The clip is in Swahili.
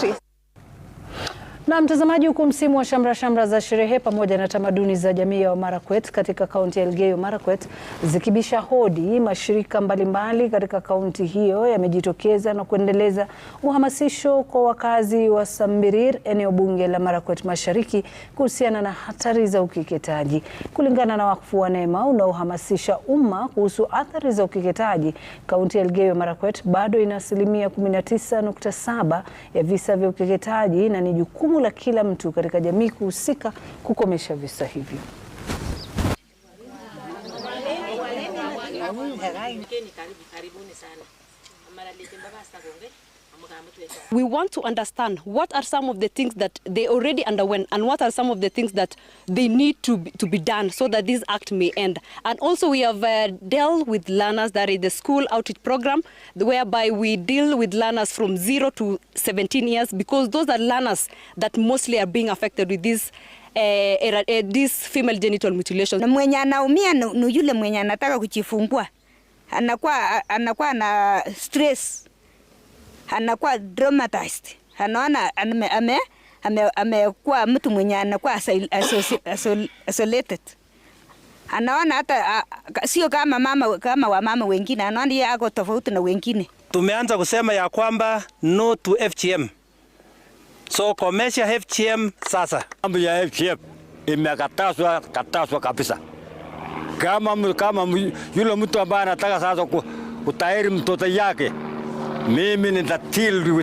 countries. Na mtazamaji, huku msimu wa shamra shamra za sherehe pamoja na tamaduni za jamii ya Wamarakwet katika kaunti ya Elgeyo Marakwet zikibisha hodi, mashirika mbalimbali katika kaunti hiyo yamejitokeza na kuendeleza uhamasisho kwa wakazi wa Sambirir, eneo bunge la Marakwet Mashariki, kuhusiana na hatari za ukeketaji. Kulingana na wakfu wa Neema unaohamasisha umma kuhusu athari za ukeketaji, kaunti ya Elgeyo Marakwet bado ina asilimia 19.7 ya visa vya ukeketaji na ni jukumu jukumu la kila mtu katika jamii kuhusika kukomesha visa hivyo. We want to understand what are some of the things that they already underwent and what are some of the things that they need to be, to be done so that this act may end. And also we have uh, dealt with learners that is the school outreach program whereby we deal with learners from 0 to 17 years because those are learners that mostly are being affected with this uh, era, uh, this female genital mutilation. Mwenye anaumia ni yule mwenye anataka kujifungua. Anakuwa anakuwa na stress anakuwa dramatized, anaona amekuwa ame, ame, amekuwa mtu mwenye anakuwa isolated, anaona hata sio kama mama, kama wa mama wengine, anaona yeye ako tofauti na wengine. Tumeanza kusema ya kwamba no to FGM, so komesha FGM sasa. Mambo ya FGM imekatazwa katazwa kabisa. Kama, kama yule mtu ambaye anataka sasa kutahiri mtoto yake mimi nitatiliwa